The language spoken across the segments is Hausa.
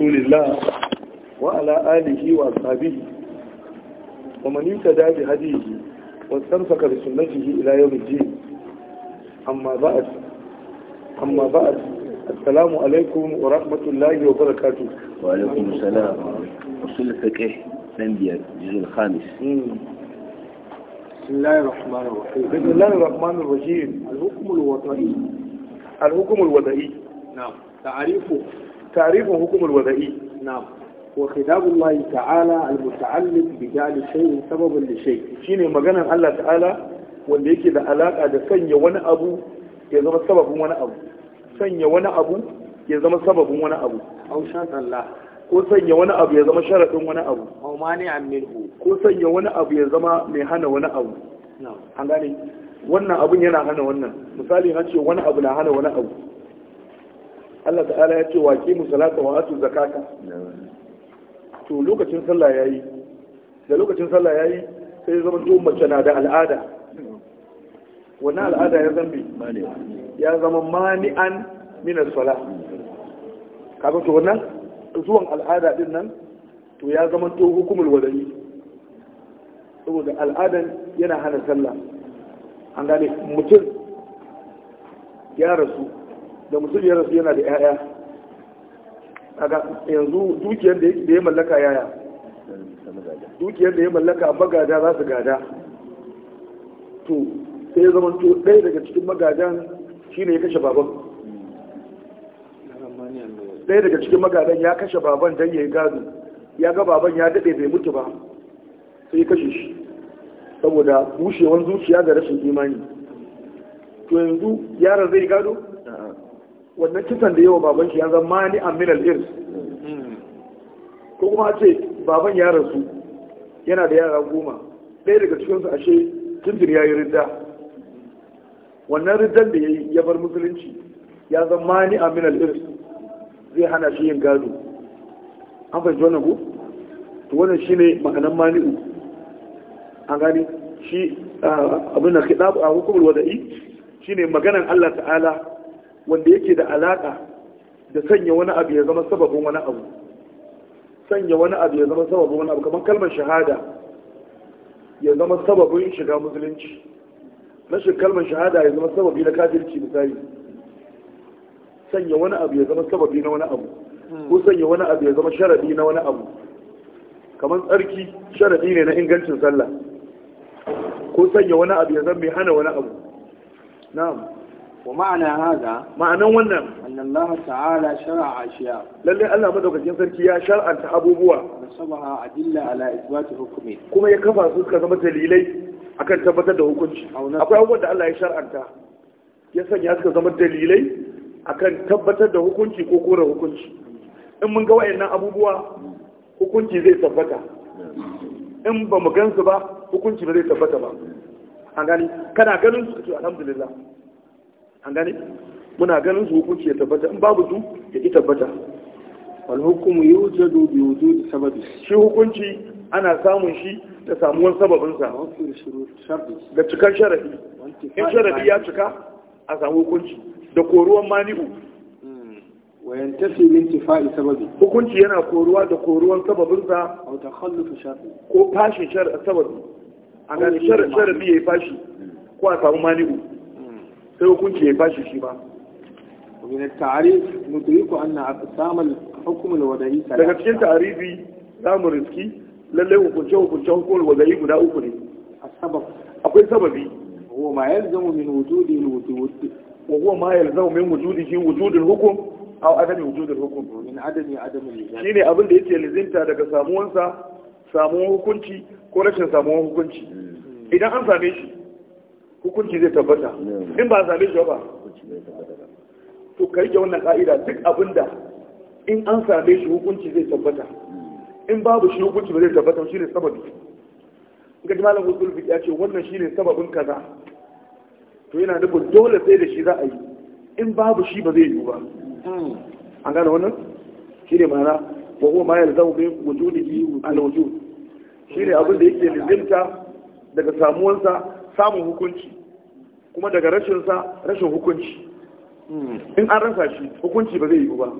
رسول الله وعلى آله وأصحابه ومن يتدى بهديه واستمسك بسنته إلى يوم الدين أما بعد أما بعد السلام عليكم ورحمة الله وبركاته وعليكم السلام أصول الفقه سنديا الجزء الخامس بسم الله الرحمن الرحيم بسم الله الرحمن الرحيم الحكم الوضعي الحكم الوضعي نعم تعريفه tarifin hukumar wada'i na'am wa khidabun lahi ta'ala al-muta'alliq bi ja'li shay'in sababan li shay shine maganar Allah ta'ala wanda yake da alaka da sanya wani abu ya zama sababin wani abu sanya wani abu ya zama sababin wani abu au Allah ko sanya wani abu ya zama sharadin wani abu au mani'an minhu ko sanya wani abu ya zama mai hana wani abu na'am an gane wannan abun yana hana wannan misali na ce wani abu na hana wani abu Allah ta'ala ya ce wa mu salata wa atu zakata to lokacin sallah yayi da lokacin sallah yayi sai zama to mace na da al'ada wannan al'ada ya zambi ya zama mani'an min as-salah kaga to wannan zuwan al'ada din nan to ya zama to hukumul wadai saboda al'adan yana hana sallah an gane mutum ya rasu da mutum ya rasu yana da 'ya'ya yanzu dukiyar da ya mallaka yaya dukiyar da ya mallaka magada za su gada to sai ya zama to ɗaya daga cikin magadan shine ya kashe baban ɗaya daga cikin magadan ya kashe baban don ya yi gado ya ga baban ya daɗe bai mutu ba sai ya kashe shi saboda bushewar zuciya da rashin imani to yanzu yaron zai gado wannan kisan da yawa baban shi ya zama mani minal irs ko kuma ce baban ya rasu yana da yara goma ɗaya daga cikinsu ashe tuntun ya yi ridda wannan riddan da ya yi ya bar musulunci ya zama mani minal irs zai hana shi yin gado an fahimci wannan ku to wannan shi ne ma'anan mani'u an gani shi ah, abin da kiɗa a hukumar wada'i shi ne maganan allah ta'ala wanda yake da alaƙa da sanya wani abu ya zama sababin wani abu sanya wani abu ya zama sababin wani abu kamar kalmar shahada ya zama sababin shiga musulunci rashin kalmar shahada ya zama sababi na kafirci misali sanya wani abu ya zama sababi na wani abu ko sanya wani abu ya zama sharadi na wani abu kamar tsarki sharadi ne na ingancin sallah ko sanya wani abu ya zama mai hana wani abu na'am wa ma'ana haza ma'anan wannan annallaha ta'ala shar'a ashiya lalle Allah madaukakin sarki ya shar'anta abubuwa nasabaha adilla ala isbati hukmi kuma ya kafa su suka zama dalilai akan tabbatar da hukunci akwai abubuwan da Allah ya shar'anta ya sanya suka zama dalilai akan tabbatar da hukunci ko kore hukunci in mun ga wayannan abubuwa hukunci zai tabbata in ba mu gansu ba hukunci ba zai tabbata ba an gani kana ganin su alhamdulillah an gane muna ganin su hukunci ya tabbata in babu su ya ki tabbata wal hukumu wuce bi wuce sababi shi hukunci ana samun shi da samuwar sababin sa da cikar sharadi in sharadi ya cika a samu hukunci da koruwan mani'u wayan tafi min tifa'i sababi hukunci yana koruwa da koruwan sababin sa ko fashin sharadi sababi a sharafi sharadi yi fashi ko a samu mani'u sai hukunci ya bashi shi ba Wani ومن التعريف ندرك أن أقسام الحكم الوضعي ثلاثة. Daga cikin ta'arifi samun riski lalle hukunce hukunce hukumar wadayi guda uku ne. akwai sababi. Wa ma yalzamu min wujudi al-wujud. Wa huwa ma yalzamu min wujudihi wujud al-hukm aw adami wujud al Min adami adam Shine abin da yake lizinta daga samuwansa samuwan hukunci ko rashin samuwan hukunci. Hmm. Idan an same shi hukunci zai tabbata in ba zabe shi ba to ka ga wannan ka'ida duk abinda in an same shi hukunci zai tabbata in babu shi hukunci ba zai tabbata shi ne sababi ga malam usul ya ce wannan shi ne sababin kaza to yana nufin dole sai da shi za a yi in babu shi ba zai yi ba an gane wannan shi ne ma'ana wa huwa ma yalzamu bi wujudihi al-wujud shi ne abin da yake lizimta daga samuwansa samun hukunci kuma daga rashinsa rashin hukunci in an rasa shi hukunci ba zai yi ba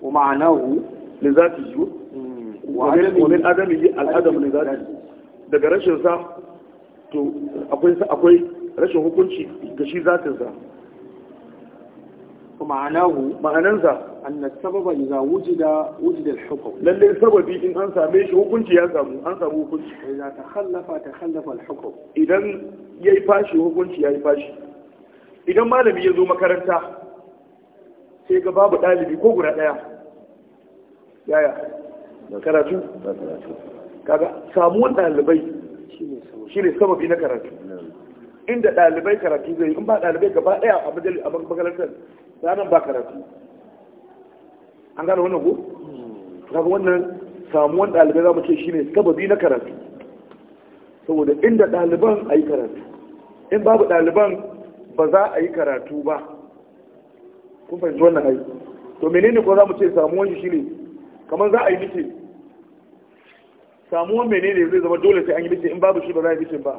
wa ma'anahu ne za ta yi wani adami yi al'adam ne za ta yi daga rashinsa to akwai rashin hukunci ga shi za zatinsa ma'anahu ma'anansa anna sababa idza wujida wujida al sababi in an same shi hukunci ya samu an samu hukunci idan malami ya zo makaranta sai ga babu dalibi ko guda daya yaya karatu kaga samuwan dalibai na karatu inda ɗalibai karatu zai yi, in ba ɗalibai gaba ɗaya a majali a makarantar ranar ba karatu an gane wannan ko kaga wannan samuwan ɗalibai za mu ce shine sababi na karatu saboda inda ɗaliban a yi karatu in babu ɗaliban ba za a yi karatu ba kun fahimci wannan ai to menene ko za mu ce samuwan shi shine kamar za a yi mitin samuwan menene zai zama dole sai an yi mitin in babu shi ba za a yi mitin ba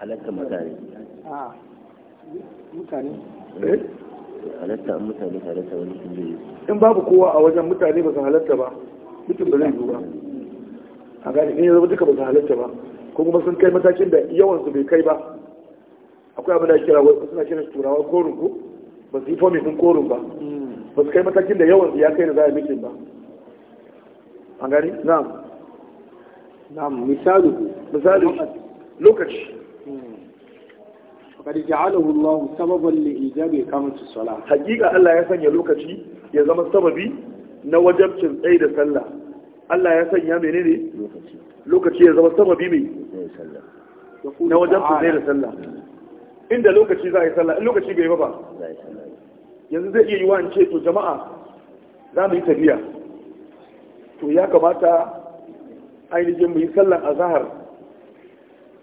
halatta mutane mutane eh, halatta mutane halatta wani sun zai in babu kowa a wajen mutane ba su halatta ba mutum ba zai yi ba a gani in zama duka ba su halatta ba ko kuma sun kai matakin da yawan su bai kai ba akwai abin da kira wasu suna kira turawa korun ko ba su yi fomi sun korun ba hmm. ba su kai matakin da yawan su ya kai da za a yi ba a gani na'am na'am misali misali lokaci Hmm. Fakar ja'alahu Allah sababan li ijabi kamatu sala. Hakika Allah ya sanya lokaci ya zama sababi na wajabcin tsaye da sallah. Allah ya sanya menene? Lokaci ya zama sababi mai na wajabcin tsaye da sallah. Inda lokaci za a yi sallah, in lokaci bai yi ba Yanzu zai iya yi wa in ce to jama'a za mu yi tafiya. To ya kamata ainihin mu yi sallar azahar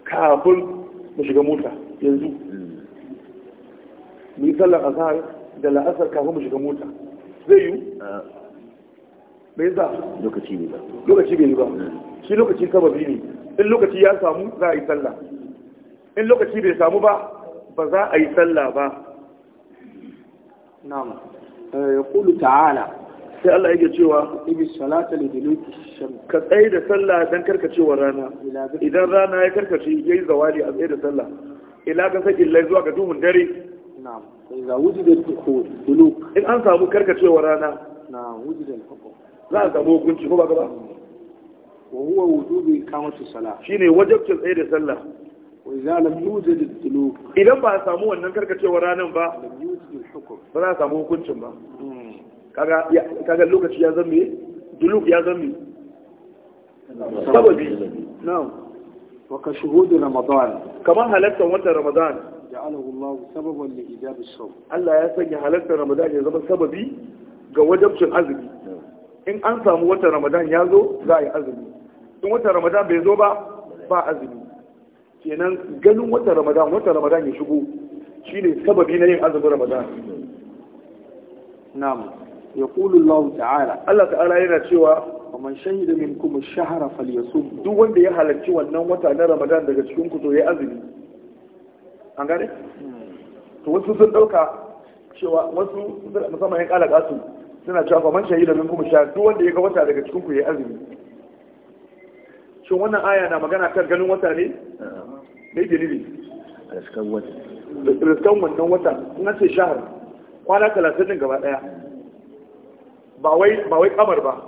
kafin mu shiga mota yanzu mu yi sallar azhar da la'asar kafin mu shiga mota zai yi bai za lokaci ne ba lokaci bai yi ba hmm. shi lokaci sababi ne in lokaci ya samu za a yi sallah in lokaci bai samu ba ba za a yi sallah ba na'am eh, ya kulu ta'ala sai Allah yake cewa ibi salata li duluki shams ka tsaye da sallah dan karkacewar rana idan rana ya karkace yayi zawali a tsaye da sallah ila ga sai illai zuwa ga duhun dare na'am idza wujida duluk in an samu karkacewar rana na'am wujida al-hukm za a samu hukunci ko ba ba wa huwa wujubi iqamati salah shine wajibcin tsaye da sallah وإذا لم يوجد الدلوك إذا ما سامو أن نكرك شيء ورانا با ba يوجد الحكم فلا سامو كنتم با kaga lokaci ya zama duluk ya zama sababi na'am wa ka shuhudu ramadan kamar halartar watan ramadan ja'alahu Allah sababan li ijabi sawm Allah ya sanya halartar ramadan ya zama sababi ga wajabcin azumi in an samu watan ramadan ya zo za a yi azumi in watan ramadan bai zo ba ba azumi kenan ganin watan ramadan watan ramadan ya shigo shine sababi na yin azumin ramadan na'am Yakulullahu ta'ala Allah ta'ala yana cewa man shahida minkum ash-shahra falyasum duk wanda ya halarci wannan wata na Ramadan daga cikin to yayi azumi an gane to wasu sun dauka cewa wasu musamman yan kala kasu suna cewa fa man shahida minkum ash-shahr duk wanda ya ga wata daga cikin ku azumi shin wannan aya na magana kan ganin wata ne ne dalili wata riskan wannan wata in ce shahar kwana 30 gaba daya ba wai kamar ba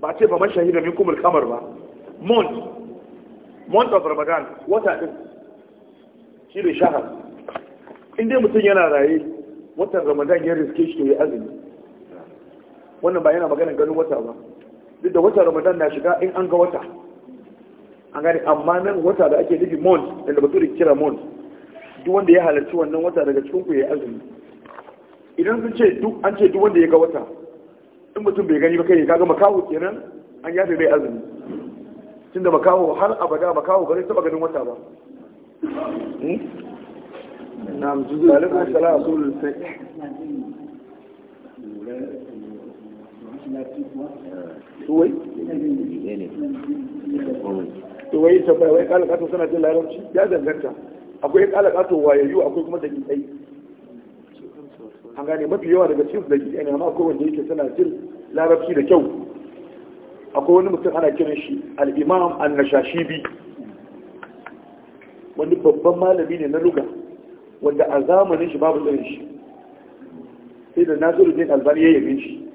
ba ce ba man shahida min kumul kamar ba month month of ramadan wata din shi ne shahar in dai mutum yana raye watan ramadan ya riske shi ya azumi wannan ba yana maganin ganin wata ba duk da watan ramadan na shiga in an ga wata an gani amma nan wata da ake nufi month da turi kira month duk wanda ya halarci wannan wata daga cikin ku ya azumi idan sun ce duk an ce duk wanda ya ga wata in mutum bai gani ba kai kaga makawo kenan an yafe bai azumi tunda makawo har abada makawo ba zai taba ganin wata ba hmm? na'am juzu alaikum salam rasulul fiqh Tuwai? Tuwai yi bai wai kalakato suna jin larabci ya danganta. Akwai kalakato wayayyu akwai kuma da kai. an gane mafi yawa daga cikin da yana amma akwai wanda yake suna jin larabci da kyau akwai wani mutum ana kiran shi al-imam an-nashashibi wani babban malami ne na luga wanda a zamanin shi babu tsarin shi sai da nasiruddin albani ya yi shi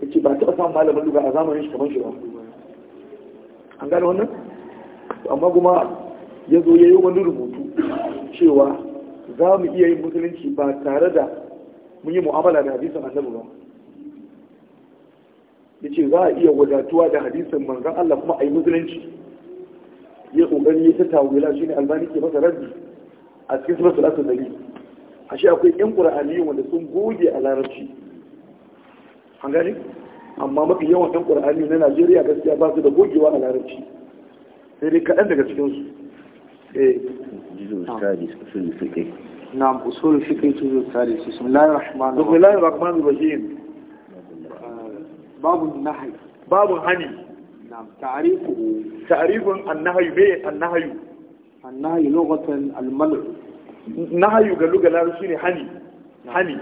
yake ba taɓa samun malamin luga a zamanin shi kamar shi ba an gane wannan amma kuma ya zo ya yi wani rubutu cewa za mu iya yin musulunci ba tare da mun yi mu'amala da hadisin annabi ba yace za a iya wadatuwa da hadisin manzon Allah kuma ayi musulunci ya kokari ya ta tawila shi ne albani ke masa rabbi a cikin sura salatu nabi ashe akwai yan qur'ani wanda sun goge a larabci an gani amma mafi yawan yan qur'ani na Najeriya gaskiya ba su da gogewa a larabci sai dai kaɗan daga cikinsu. Eh. Jizo, iska, iska, iska, iska, نعم أصول الفقه الجزء الثالث بسم الله الرحمن الرحيم بسم الله الرحمن الرحيم باب النهي باب هني نعم تعريفه تعريف النهي بيه النهي النهي لغة المنع نهي قالوا قالوا شنو هني هني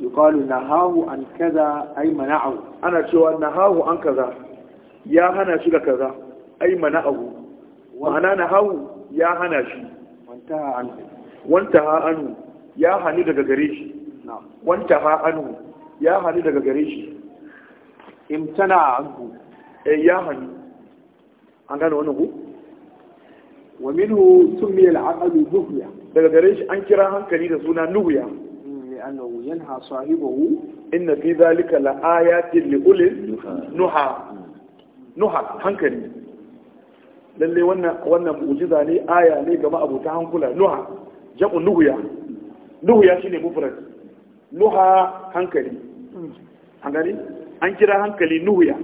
يقال نهاه عن كذا أي منعه أنا شو نهاه عن كذا يا هنا شو كذا أي منعه وأنا نهاه يا هنا شو وانتهى عنه wanta ha anu ya hannu daga gare shi wanta ha anu ya hannu daga gare shi imtana anhu eh ya hannu an gano wannan ku wa minhu sumiya al-aqlu nuhya daga gare shi an kira hankali da suna nuhya mm, sahibahu ينهى fi إن la ayatin li ulil nuha nuha hankali. lalle wannan mu'jiza ne aya ne gaba abuta hankula nuha jam'u nuhuya nuhuya shine mufrad nuha hankali an gani an kira hankali nuhuya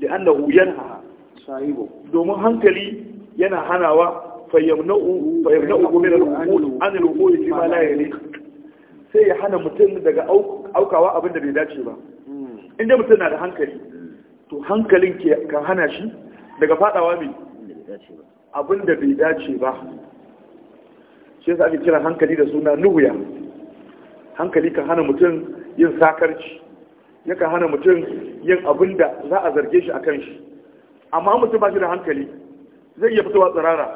li'annahu yanha sahibu domin hankali yana hanawa fayyamna'u fayyamna'u min al-uqul an al-uqul fi ma la yaliq sai ya hana mutum daga aukawa abinda bai dace ba hmm. inda mutum na da hankali to hankalin ke kan hana shi daga fadawa mai abinda bai dace ba shi yasa ake kira hankali da suna nuhuya hankali kan hana mutum yin sakarci yakan hana mutum yin abin da za a zarge shi a kan shi amma mutum ba shi da hankali zai iya fitowa tsirara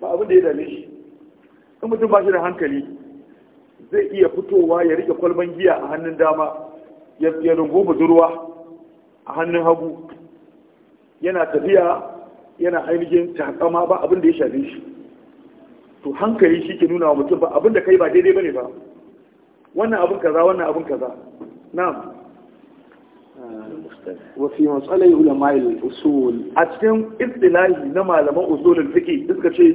ba abin da ya dame shi in mutum ba shi da hankali zai iya fitowa ya rike kwalban giya a hannun dama ya rungu budurwa a hannun hagu yana tafiya yana ainihin takama ba abin da ya shafe shi to hankali shi ke nuna wa mutum ba abin da kai ba daidai ba ne ba wannan abin kaza wannan abin kaza na'am wa fi matsalai ulama usul a cikin istilahi na malaman usulul fiqh suka ce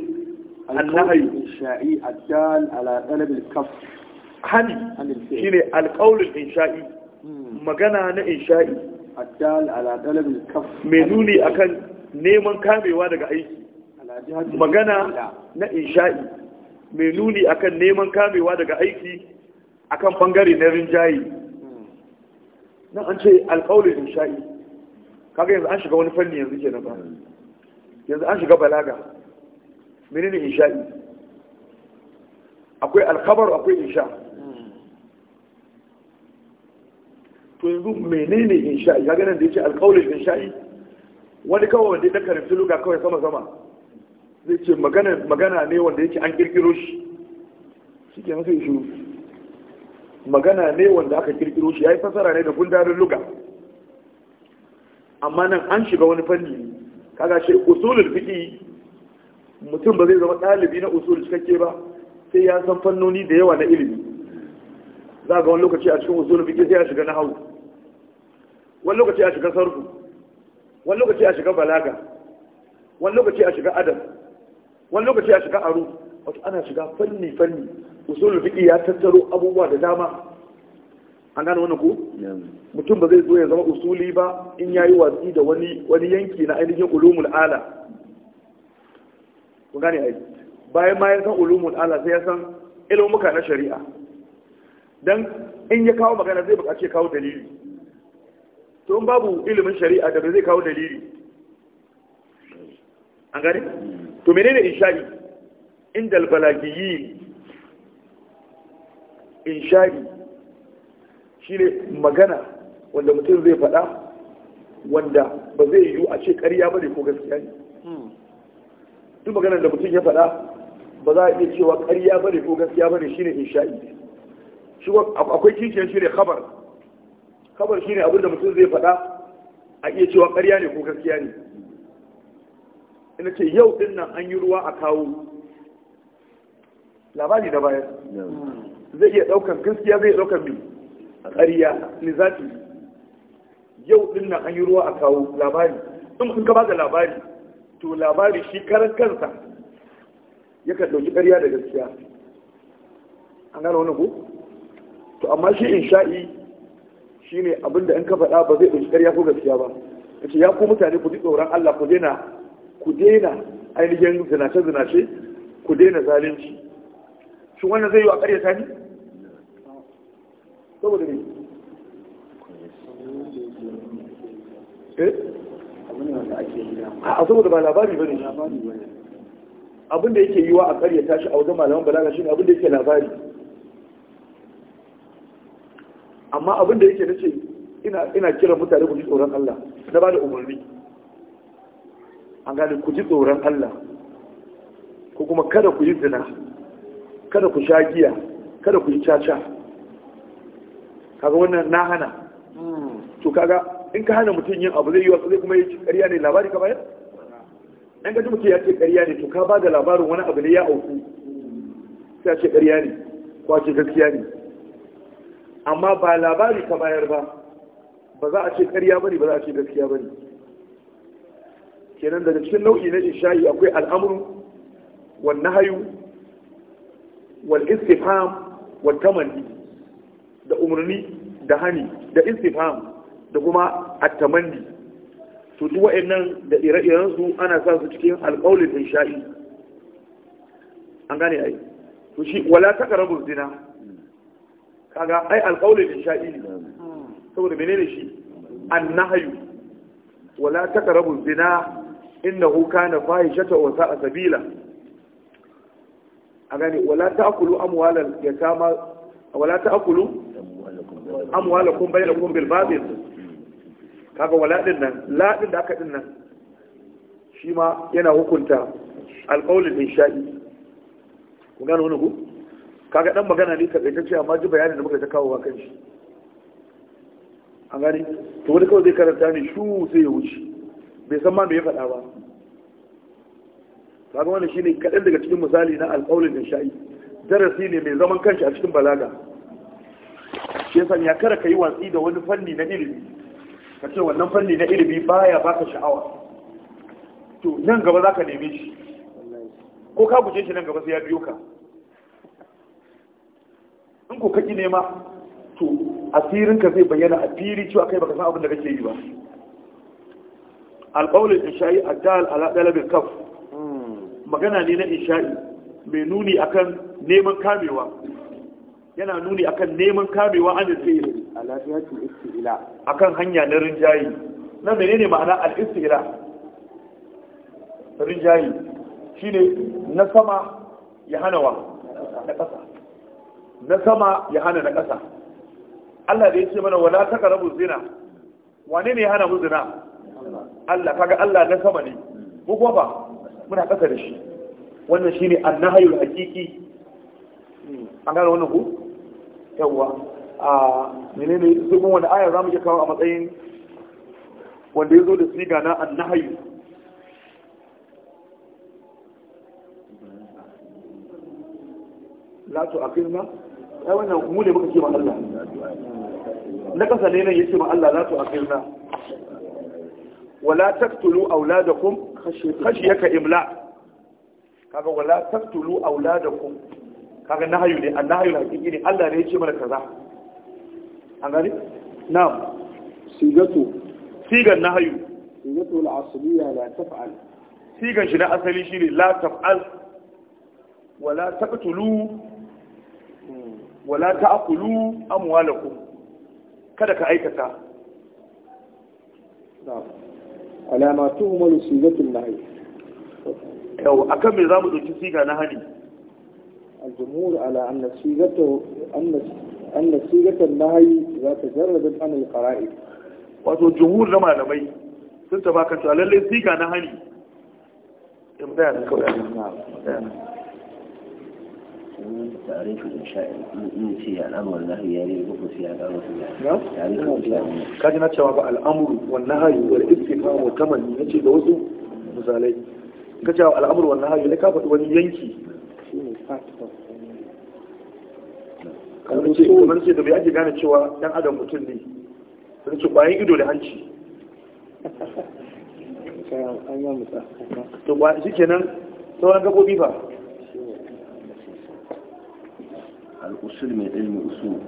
annahi insha'i addal ala talab al-kaf hali shine al-qawl al-insha'i hmm. magana na insha'i addal ala talab al-kaf mai nuni akan neman kamewa daga aiki magana na insha'i mai nuni akan neman kamewa daga aiki akan bangare na rinjaye Na an ce alƙaulin insha'i kaga yanzu an shiga wani fanni yanzu ke na ba yanzu an shiga balaga menene insha'i akwai alkabar akwai insha to yanzu menene insha'i Ya ganin da ya ce alƙaulin insha'i wani kawai wanda ya rufin luka kawai sama sama zai ce magana ne wanda yake an kirkiro shi shi ke nasu shi magana ne wanda aka kirkiro shi ya yi fasara ne da gundarin luga amma nan an shiga wani fanni kaga shi usulul fiki mutum ba zai zama ɗalibi na usul cikakke ba sai ya san fannoni da yawa na ilimi za ga wani lokaci a cikin usulul fiki sai ya shiga na hau. wani lokaci a shiga sarku. wani lokaci a shiga balaga wani lokaci a shiga adam wani lokaci a shiga aro wato ana shiga fanni fanni usulun fiƙi ya tattaro abubuwa da dama an gane wannan ku? mutum ba zai zo ya zama usuli ba in ya yi watsi da wani yanki na ainihin ulumul ala ku gane ai bayan ma ya san ulumul ala sai ya san ilmuka na shari'a dan in ya kawo magana zai buƙaci kawo dalili to in babu ilimin shari'a da zai kawo dalili an gane to menene insha'i inda albalagiyi insha'i ne magana wanda mutum zai faɗa wanda ba zai yiwu a ce ƙarya bane ko gaskiya ne hmm. duk maganar da mutum ya faɗa ba za a iya cewa ƙarya bane ko gaskiya bane ne insha'i shi akwai shi ne khabar khabar shi ne da mutum zai faɗa a iya cewa ƙarya ne ko gaskiya ne ina ce yau din nan an yi ruwa a kawo labari da baya zai iya daukan gaskiya zai daukan mai ƙarya lizati yau din nan an yi ruwa a kawo labari in ka ba da labari to labari shi karan kansa ya ka dauki ƙariya da gaskiya an gano wani ko to amma shi in sha'i shi ne abinda in ka faɗa ba zai dauki ƙariya ko gaskiya ba ce ya ku mutane ku ji tsoron Allah ku daina ku daina ainihin zinace-zinace ku daina zalunci shi wannan zai yi a ƙaryata ne? saboda ne eh? a saboda ba labari ba ne abinda yake wa a ƙaryata shi a wajen malaman balaga shi ne abinda yake labari amma abinda yake na ce ina kira mutane ku ji tsoron Allah na ba da umarni an gani ku ji tsoron Allah ko kuma kada ku yi zina kada ku sha giya kada ku yi caca kaga wannan na hana to kaga in ka hana mutum yin abu zai yi wasu zai kuma yi ƙarya ne labari ka bayar in ka ji mutum ya ce ƙarya ne to ka ba da labarin wani abu ne ya auku sai a ce ƙarya ne ko a ce gaskiya ne amma ba labari ka bayar ba ba za a ce ƙarya ba ne ba za a ce gaskiya ba ne kenan daga cikin nau'i na isha'i akwai al'amuru wal nahayu, wal istifham wal tamanni da umarni da hani da istifham da kuma at-tamanni to duk wa'annan da ire-iren su ana sa su cikin alqaulul isha'i. an gane ai to shi wala taqrabu zina kaga ai alqaulul isha'i ne saboda menene shi an nahayu? wala taqrabu zina na kana shata wa sa'a sabila a gani wala ta'kulu amwalal yatama wala ta'kulu amwalakum bainakum bil batil kaga wala din nan la din da aka din nan shi ma yana hukunta mai insha'i ku gane wani ku kaga dan magana ne ka ce amma ji bayanin da muka ta kawo kan shi an gani to wani kawai zai karanta ne shu sai ya wuce bai san ma me ya faɗa ba wani shi shine kaɗan daga cikin misali na alƙawlin da sha'i darasi ne mai zaman kanshi a cikin balaga shi yasa ya kara kai watsi da wani fanni na ilimi ka ce wannan fanni na ilimi baya baka sha'awa to nan gaba zaka neme shi ko ka guje shi nan gaba sai ya biyo ka in ko kaki nema to asirin ka zai bayyana a fili cewa kai baka san abin da kake yi ba alƙaunin isha'i a dal ala ɗalibin kaf magana ne na isha'i mai nuni akan neman kamewa yana nuni akan neman kamewa an da tsaye alafiyatul istila akan hanya na rinjayi na menene ma'ana al-istila rinjayi ne na sama ya hana wa na ƙasa na sama ya hana na ƙasa Allah da ya ce mana wala taqrabu zina wane ne ya hana mu zina Allah kaga Allah na sama ne ko kuma ba muna kasa da shi wannan shine annahayul haqiqi an gane wannan ku yawa a menene sai kuma wanda aya zamu iya kawo a matsayin wanda yazo da siga na annahayu la tu aqilna ai wannan mu ne muka ce ma Allah na kasa ne nan yace ma Allah la tu aqilna wala taqtulu auladakum khashyata imla kaga wala taqtulu auladakum kaga nahayu ne annahayu hakiki ne Allah ne ya ce mana kaza an gani na'am sigatu sigan nahayu sigatu al-asliya la taf'al sigan shi na asali shine la taf'al wala taktulu, wala ta'kulu amwalakum kada ka aikata na'am alama tuhumar sigatul yau akan me za mu ɗauki siga na hani الجمهور على أن صيغته أن أن صيغة النهي عن القرائن na malamai sun taba kan to lallai siga na kaji na cewa ba al'amuru wannan hayu wa istifa mu kaman ne ce da wasu misalai ka cewa al'amuru wannan hayu ne ka wani yanki kamar ce da bai ake gane cewa 'yan adam mutum ne sun ce kwayan ido da hanci to ba shikenan sauran gabobi ba الأصول من علم الأصول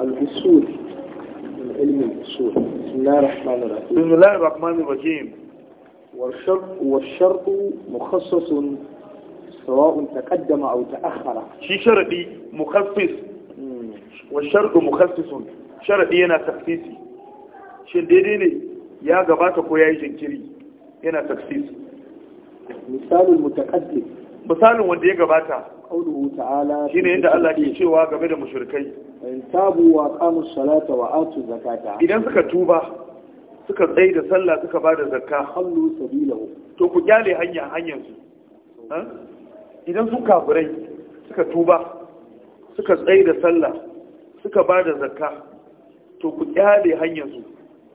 الأصول من علم الأصول بسم الله الرحمن الرحيم بسم الله الرحمن الرحيم والشرط والشرط مخصص سواء تقدم أو تأخر شي شرطي مخصص والشرط مخصص شرطي أنا تخصيصي شن يا ne ya gabata أنا تخصيصي misalin mutaqaddim misalin wanda ya gabata qauluhu ta'ala shine inda Allah ke cewa game da mushrikai in tabu wa qamu salata wa atu zakata idan suka tuba suka tsaye da sallah suka ba da zakka hallu sabilahu to ku kyale hanya hanyar su idan su kafirai suka tuba suka tsaye da sallah suka ba da zakka to ku kyale hanyar su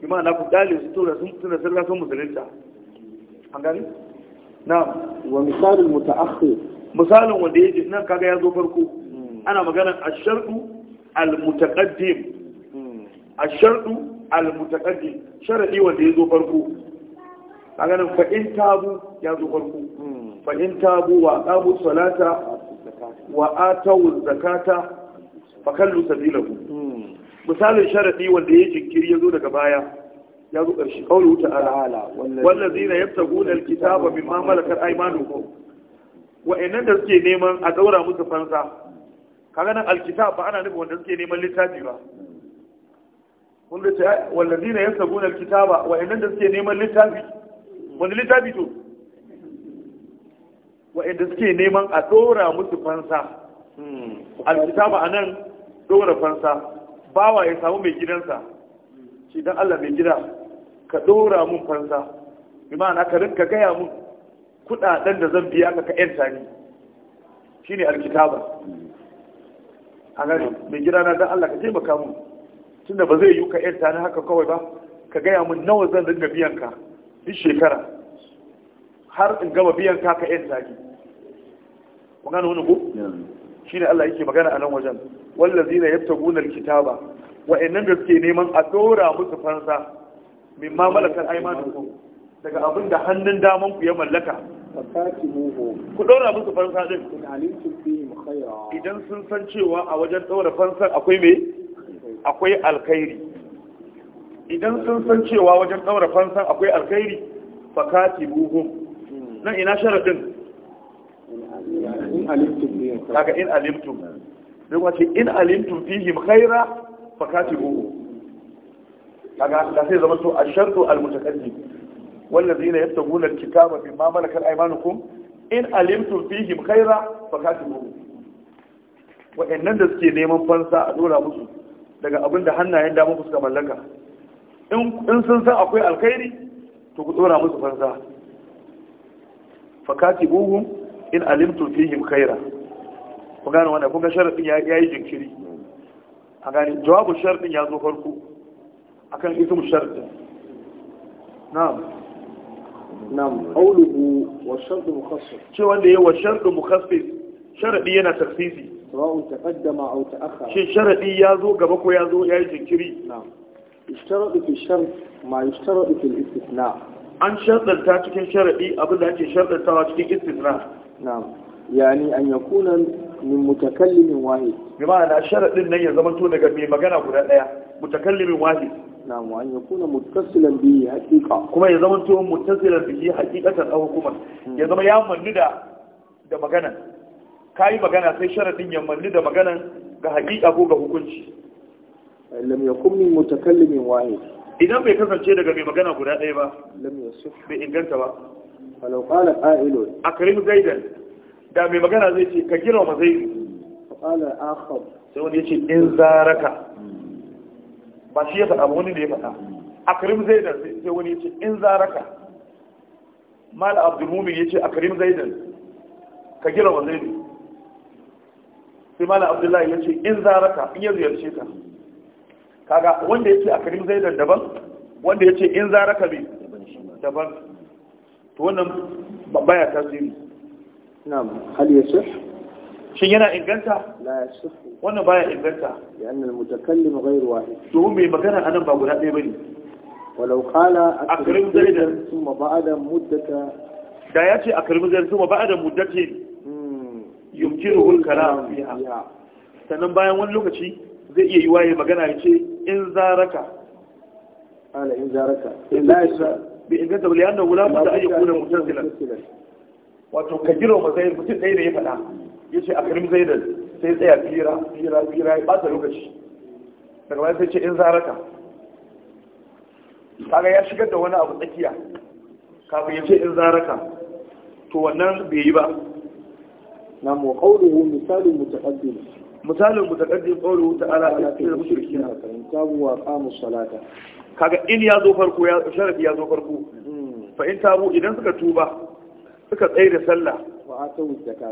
imana ku kyale su to da sun tuna sallah sun musulunta an gani na'am wa misalin mutaakhir misalin wanda ya yake nan kaga ya zo farko ana maganar a shardu al-mutaqaddim hmm. ash-shartu al-mutaqaddim sharadi wanda ya zo farko kaga nan fa in tabu ya zo farko hmm. fa in tabu wa aqamu salata wa atu zakata fa kallu sabilahu hmm. misalin sharadi wanda ya jinkiri ya zo daga baya ya zo ƙarshe ƙaunar ta'ala wallazi na yabta gunar kitaba min ma malakar aimanukum wa'annan da suke neman a daura musu fansa kaga nan alkitab ba ana nufin wanda suke neman littafi ba kun da ta wallazi na yabta gunar kitaba wa'annan da suke neman littafi wani littafi to wa'anda suke neman a ɗora musu fansa alkitaba nan ɗora fansa bawa ya samu mai gidansa shi dan Allah mai gida ka dora mun fansa bi ma'ana ka rinka gaya mun kudaden da zan biya ka ka yanta ni shine alkitaba a gani mai gida na dan Allah ka taimaka mun tunda ba zai yi ka yanta ni haka kawai ba ka gaya mun nawa zan rinka biyan ka duk shekara har in gama biyan ka ka yanta ni kun gane wani ko shine Allah yake magana a nan wajen wallazina yabtaguna alkitaba wa'annan da suke neman a dora musu fansa min ma malakar ku. daga abin da hannun daman ku ya mallaka ku dora musu fansa din idan sun san cewa a wajen dora fansa akwai me akwai alkhairi idan sun san cewa wajen dora fansa akwai alkhairi fakati buhu nan ina sharadin in alimtum kaga in alimtum duk wace in alimtum fihim khaira fakati buhu kaga da sai zama to ashartu almutaqaddim wallazina yabtaguna alkitaba bima malakat aymanukum in alimtum fihim khaira fakati buhu wa'annan da suke neman fansa a dora musu daga abin da hannayen dama suka mallaka in sun san akwai alkhairi to ku dora musu fansa fakati buhu in alimtum yi khaira ku gane wannan kun ga sharadin yayi jinkiri a gani jawabu sharɗin ya zo farko akan ismu sharɗin na'am na'am wa ce wanda yi wa shartu mukhassis sharadi yana tafsisi sawa'un taqaddama shi sharadi ya zo gaba ko ya zo yi jinkiri na'am ishtaradu fi shart ma ishtaradu fi istithna an sharɗanta cikin sharadi abin da ake sharɗantawa cikin istisna na'am yani an yakuna min mutakallimin wahid bi ma'ana sharadin nan ya zama to daga mai magana guda daya mutakallimin wahid na'am an yakuna muttasilan bi haqiqa kuma ya zama to muttasilan bi haqiqatan aw hukuman hmm. ya zama ya manni da da magana kai magana sai sharadin ya manni da magana ga haqiqa ko ga hukunci lam yakun min mutakallimin wahid idan bai kasance daga mai magana guda daya ba lam yasuf bai inganta ba falau qala qa'ilun akrim zaidan da mai magana zai ce ka girma zai fa'ala akhar sai wani ce in zaraka ba shi ya faɗa wani ne ya faɗa A zai da sai wani ya ce in zaraka mal abdul mumin karim zai da ka girma zaidan sai mal abdullahi ce in zaraka in ya ziyarce ka kaga wanda ya ce a karim zai da daban wanda ya ce in zaraka bi daban to wannan baya tasiri na'am shin yana inganta la yasih wannan baya inganta lian al mutakallim ghayr to mai magana anan ba guda ɗaya bane walau qala akrim zaidan da yace akrim zaidan thumma ba'da muddati hmm. yumkinuhu sannan bayan wani lokaci zai iya yi waye magana ya ce in zaraka ala in zaraka in la yasih bi inganta lian la budda an yakuna mutasila wato ka giro ba zai mutum ɗaya da ya faɗa ya ce a karim zai da sai tsaya fira fira fira ya ɓata lokaci daga bayan sai ce in zaraka kaga ya shigar da wani abu tsakiya kafin ya ce in zaraka to wannan bai yi ba na mu qawluhu misalun mutaqaddim misalun mutaqaddim qawluhu ta'ala ya ce ala ka in tabu wa qamu salata kaga in ya zo farko ya sharafi ya zo farko hmm. fa in tabu idan suka tuba suka tsaye da sallah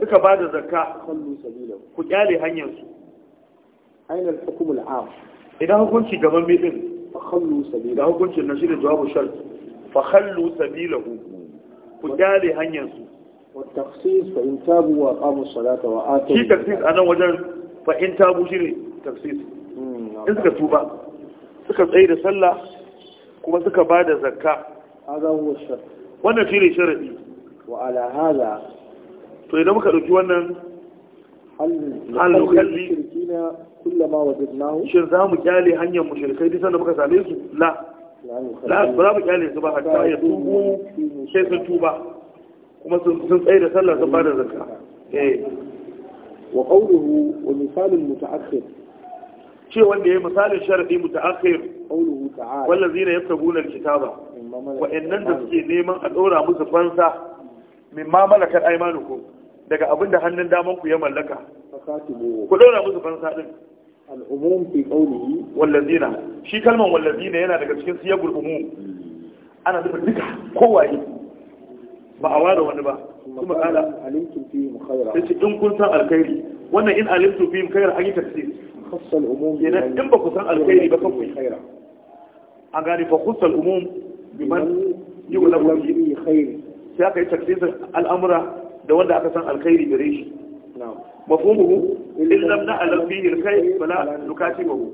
suka ba da zakka ku kyale hanyar su aina hukum idan hukunci gaban mai da hukunci na shi da jawabu shan fa khallu ku kyale hanyar su wa tafsis a nan wajen fa in tabu shi ne tafsis in suka tuba suka tsaye da sallah kuma suka ba da zakka wannan shi ne sharadi wa to idan muka ɗauki wannan hal nukalli shirkina kullama wajadnahu shin za mu kyale hanyar mushrikai duk muka same su ba za mu kyale su ba hatta ya tubu sai sun tuba kuma sun tsaye da sallah sun bada zakka eh wa qawluhu wa misalun muta'akhir ce wanda ya misalin sharadi muta'akhir qawluhu da suke neman a dora musu fansa min ma malakat aymanukum daga abin da hannun daman ku ya mallaka ku daura musu fansa din al'umum fi qawlihi wallazina shi kalman wallazina yana daga cikin siyagul umum ana nufin duka kowaye ba a ware wani ba kuma kala alimtum fi khaira yace in kun san alkhairi wannan in alimtum fi khaira an yi tafsir khassal umum yana in ba ku san alkhairi ba kan ku khaira a gani fa khassal umum biman yuqlabu bi khairi sai aka yi taklisin al'amura da wanda aka san alkhairi gare shi mafhumuhu in lam na'lam fihi alkhair fala nukatibuhu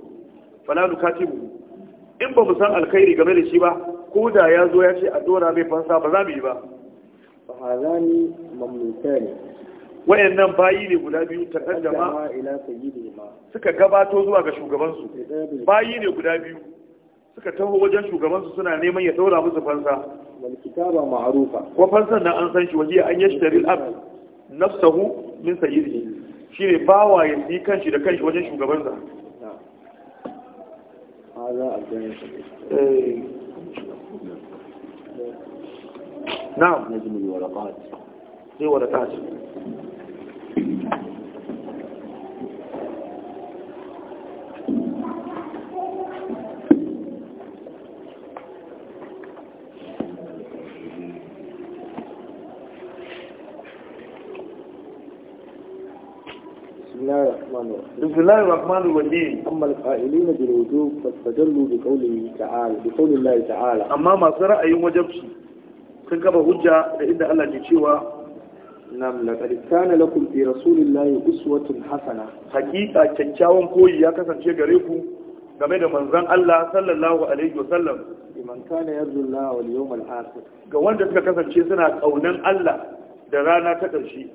in ba mu san alkhairi game da shi ba ko da ya zo ya ce a dora mai fansa ba za mu yi ba fa hazani mamlutani wayannan bayi ne guda biyu ta ma suka gabato zuwa ga shugabansu bayi ne guda biyu suka taho wajen shugabansu suna neman ya daura musu fansa wal kitaba ko fansan nan an san shi waje an yashtaril ab nafsahu min sayyidihi shine bawa ya yi kanshi da kanshi wajen shugabansa na'am eh. sai الله الرحمن الرحيم بسم الله الرحمن الرحيم أما القائلين بالوجوب فاستدلوا بقوله تعالى بقول الله تعالى أما ما صار أي وجب كان كما حجة إن الله جيشوا نعم لقد كان لكم في رسول الله أسوة حسنة حقيقة كيكاون كوي يا كسان شيء غريبو game da manzon Allah sallallahu alaihi wasallam liman kana yarju Allah wal yawm al akhir ga wanda suka kasance suna kaunan Allah da rana ta ƙarshe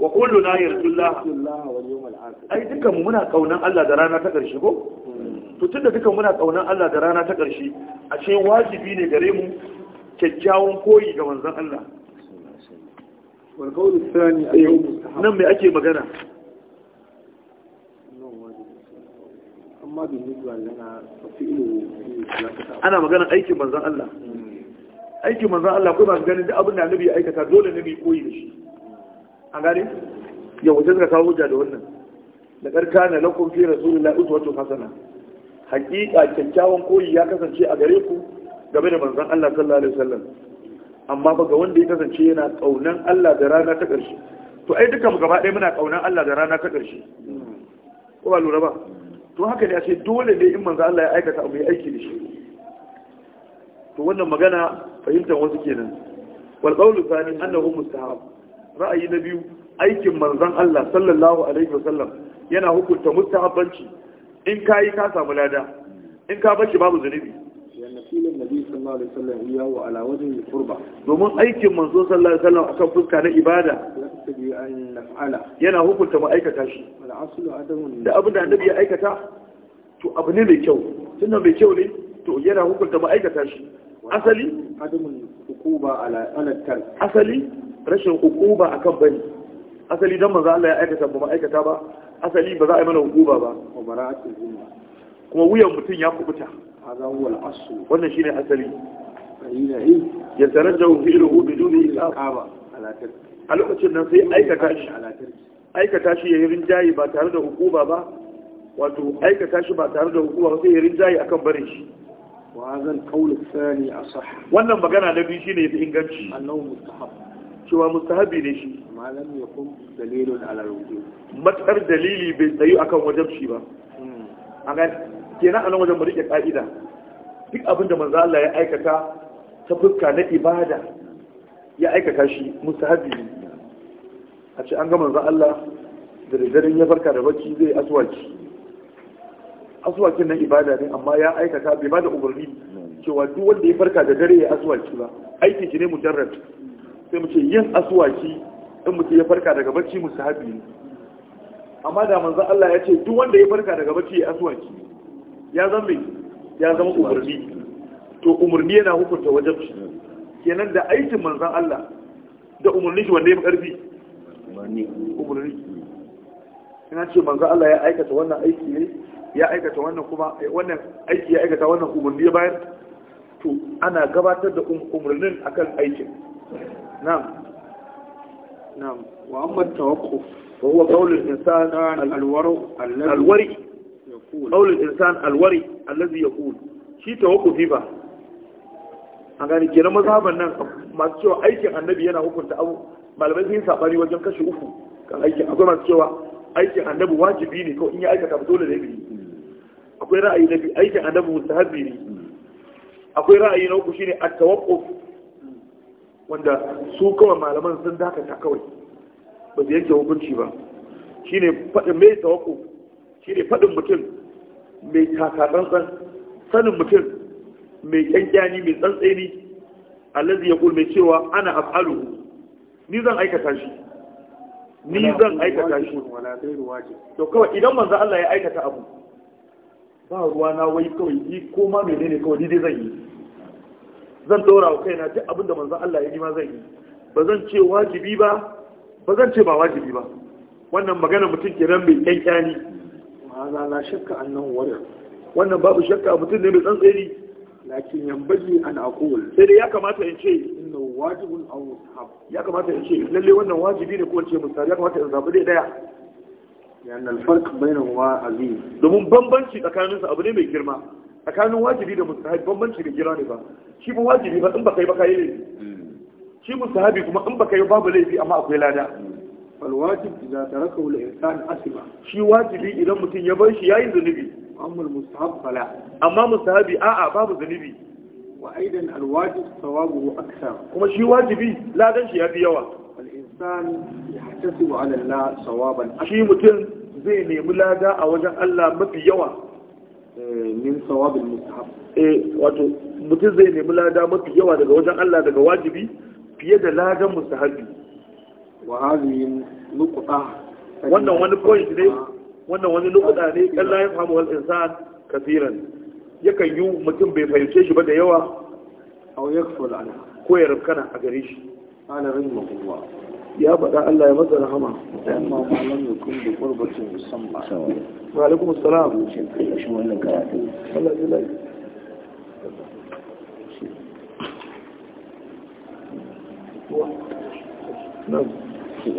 wa kullu na yarjullah ai dukan mu muna kaunan Allah da rana ta karshe ko hmm. to tunda dukan muna kaunan Allah da rana ta karshe ce wajibi ne gare mu kyakkyawan koyi ga manzon Allah wal eh, nan me ake magana ana magana aikin manzon Allah hmm. aikin manzon Allah ko ba ganin duk abin da nabi aikata dole ne mu koyi da shi an gane yau wajen suka kawo hujja da wannan da karka na lakon fi rasulullahi uswatun hasana hakika kyakkyawan koyi ya kasance a gare ku game da manzon Allah sallallahu alaihi wasallam amma ba ga wanda ya kasance yana kaunan Allah da rana ta ƙarshe to ai duka mu gaba ɗaya muna kaunan Allah da rana ta ƙarshe ko ba lura ba to haka ne a ce dole ne in manzo Allah ya aikata abu ya aiki da shi to wannan magana fahimtar wasu kenan wal qawlu thani annahu mustahab ra'ayi na biyu aikin manzan Allah sallallahu alaihi wasallam yana hukunta mustahabbanci in kayi ka samu lada in ka bashi babu zunubi domin aikin manzo sallallahu alaihi wasallam akan fuska na ibada yana hukunta mu aikata shi da abin da annabi ya aikata to abu ne mai kyau tunda mai kyau ne to yana hukunta mu aikata shi asali asali rashin a kan bari asali dan manzo Allah ya aikata ba aikata ba asali ba za a yi mana hukuba ba kuma wuyan mutum ya kubuta wannan shi ne asali ya daraja fi'luhu biduni iqaba a lokacin nan sai aikata shi aikata shi yayin rinjayi ba tare da hukuma ba wato aikata shi ba tare da hukuma sai yayin rinjayi akan barin shi wa hazal qawl thani asah wannan magana na biyu shine fi inganci annahu mustahab cewa mustahabi ne shi malam ya kun dalilun ala wujub matsar dalili bai tsayu akan wajabci ba hmm. a ga kenan anan wajen mu rike ka'ida duk abinda da Allah ya aikata ta fuska na ibada ya aikata shi mustahabi ne a ce an ga manzo Allah da rigarin ya farka da bacci zai asuwaci. aswakin nan ibada ne amma ya aikata bai ba da umarni hmm. cewa duk wanda ya farka da dare ya asuwaci ba aiki shi ne mujarrad sai mace yin asuwaki in mutum ya farka daga bacci musahabi ne amma da manzan Allah ya ce duk wanda ya farka daga bacci ya asuwaki ya zama ya zama umarni to umarni yana hukunta wajen shi kenan da aikin manzan Allah da umarni shi wanda ya fi karfi umarni ina ce manzan Allah ya aikata wannan aiki ne ya aikata wannan kuma wannan aiki ya aikata wannan umarni ya bayar to ana gabatar da um-, umarnin akan aikin na'am na'am wa amma tawakkuf fa huwa qawl al-insan al-alwaru al-alwari qawl al-insan al-wari allazi yaqul shi tawakkufi ba an gani kenan mazhaban nan masu cewa aikin annabi yana A abu malamai sun sabani wajen kashe uku kan aikin akwai masu cewa aikin annabi wajibi ne ko in ya aikata dole da yi akwai ra'ayi na biyu aikin annabi mustahabbi ne akwai ra'ayi na uku shine at-tawaqquf wanda su kawai malaman sun dakata kawai ba zai yanke hukunci ba shi ne faɗin mai tawako shi ne faɗin mutum mai takatsantsan sanin mutum mai kyankyani mai tsantseni allazi ya mai cewa ana af'alu ni zan aikata shi ni zan aikata shi to kawai idan manzo Allah ya aikata abu ba ruwa na wai kawai ko ma menene kawai ni dai zan yi zan dora wa kaina duk abin da manzon Allah ya ji ma zan yi ba zan ce wajibi ba ba zan ce ba wajibi ba wannan magana mutum ke nan mai kyankyani ma'ana na shakka annan wurin wannan babu shakka mutum ne mai tsantsani lakin yambaji an aqul sai dai ya kamata in ce inna wajibun aw mustahab ya kamata in ce lalle wannan wajibi ne ko in ce mustahab ya kamata in zabi dai daya yan alfarq bainahuma azim domin bambanci tsakaninsu abu ne mai girma tsakanin wajibi da mustahab bambanci da gira ne ba shi ba wajibi ba in baka yi baka yi laifi hmm. shi mustahabi kuma in baka yi babu laifi amma akwai lada fal hmm. wajib idan taraka wal insan asima shi wajibi idan mutum ya bar shi yayi zunubi amma mustahab fala amma mustahabi a'a babu zanubi. wa aidan al wajib thawabuhu akthar kuma shi wajibi ladan shi yafi yawa al insan yahtasibu ala Allah thawaban shi mutum zai nemi lada a wajen Allah mafi yawa Eh, min sawabil mustahab eh wato mutum zai nemi lada mafi yawa daga wajen Allah daga wajibi fiye da ladan mustahabi wa hadhihi nuqta wannan wani point ne wannan wani nuqta ne kalla ya fahimu wal insan kaseeran yakan yi mutum bai fahimce shi ba da yawa aw yakfur ala ko ya rubkana a gare shi ala rahimahullah ya faɗa Allah ya masa rahama dan ma malam ya kun da qurbatin musamman wa alaikum assalam shin kai shi wannan karatu Allah ya lai shi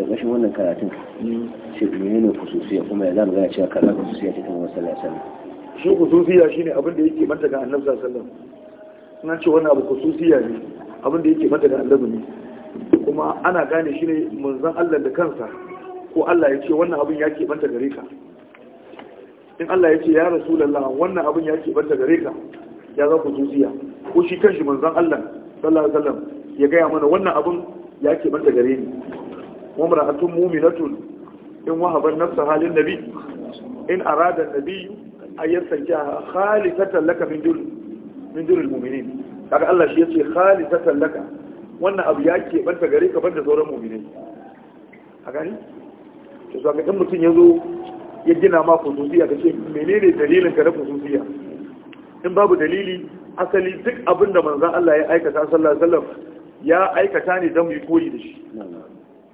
ga shi wannan karatun hmm. shi ne ne kususiya kuma ya zama gana cewa kaza kususiya ce ta Muhammad sallallahu shi kususiya shine abin da yake manta Annabi sallallahu alaihi wasallam ce wannan abu kususiya ne abin da yake Annabi ne kuma ana gane shi ne manzan Allah da kansa ko Allah ya ce wannan abin ya keɓanta gare ka in Allah ya ce ya rasulallah wannan abin ya keɓanta gare ka ya za ku zuciya ko shi kanshi manzan Allah sallallahu alaihi wasallam ya gaya mana wannan abin ya keɓanta gare ni wa mar'atun mu'minatun in wahaban nafsa halin nabi in arada nabi ayyar sanjaha khalisatan laka min dul min dul mu'minin kaga Allah shi ya yace khalisatan laka wannan abu ya ke banta gare ka banta sauran mu'minai a gani to so ga mutum ya zo ya gina ma khususiya kace menene dalilin ka na khususiya in babu dalili asali duk abin da manzon Allah ya aikata sallallahu alaihi ya aikata ne don mu yi koyi da shi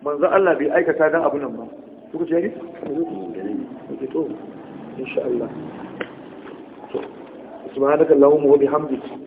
manzon Allah bai aikata don abin nan ba kuka ce ne to insha Allah subhanaka allahumma wa bihamdika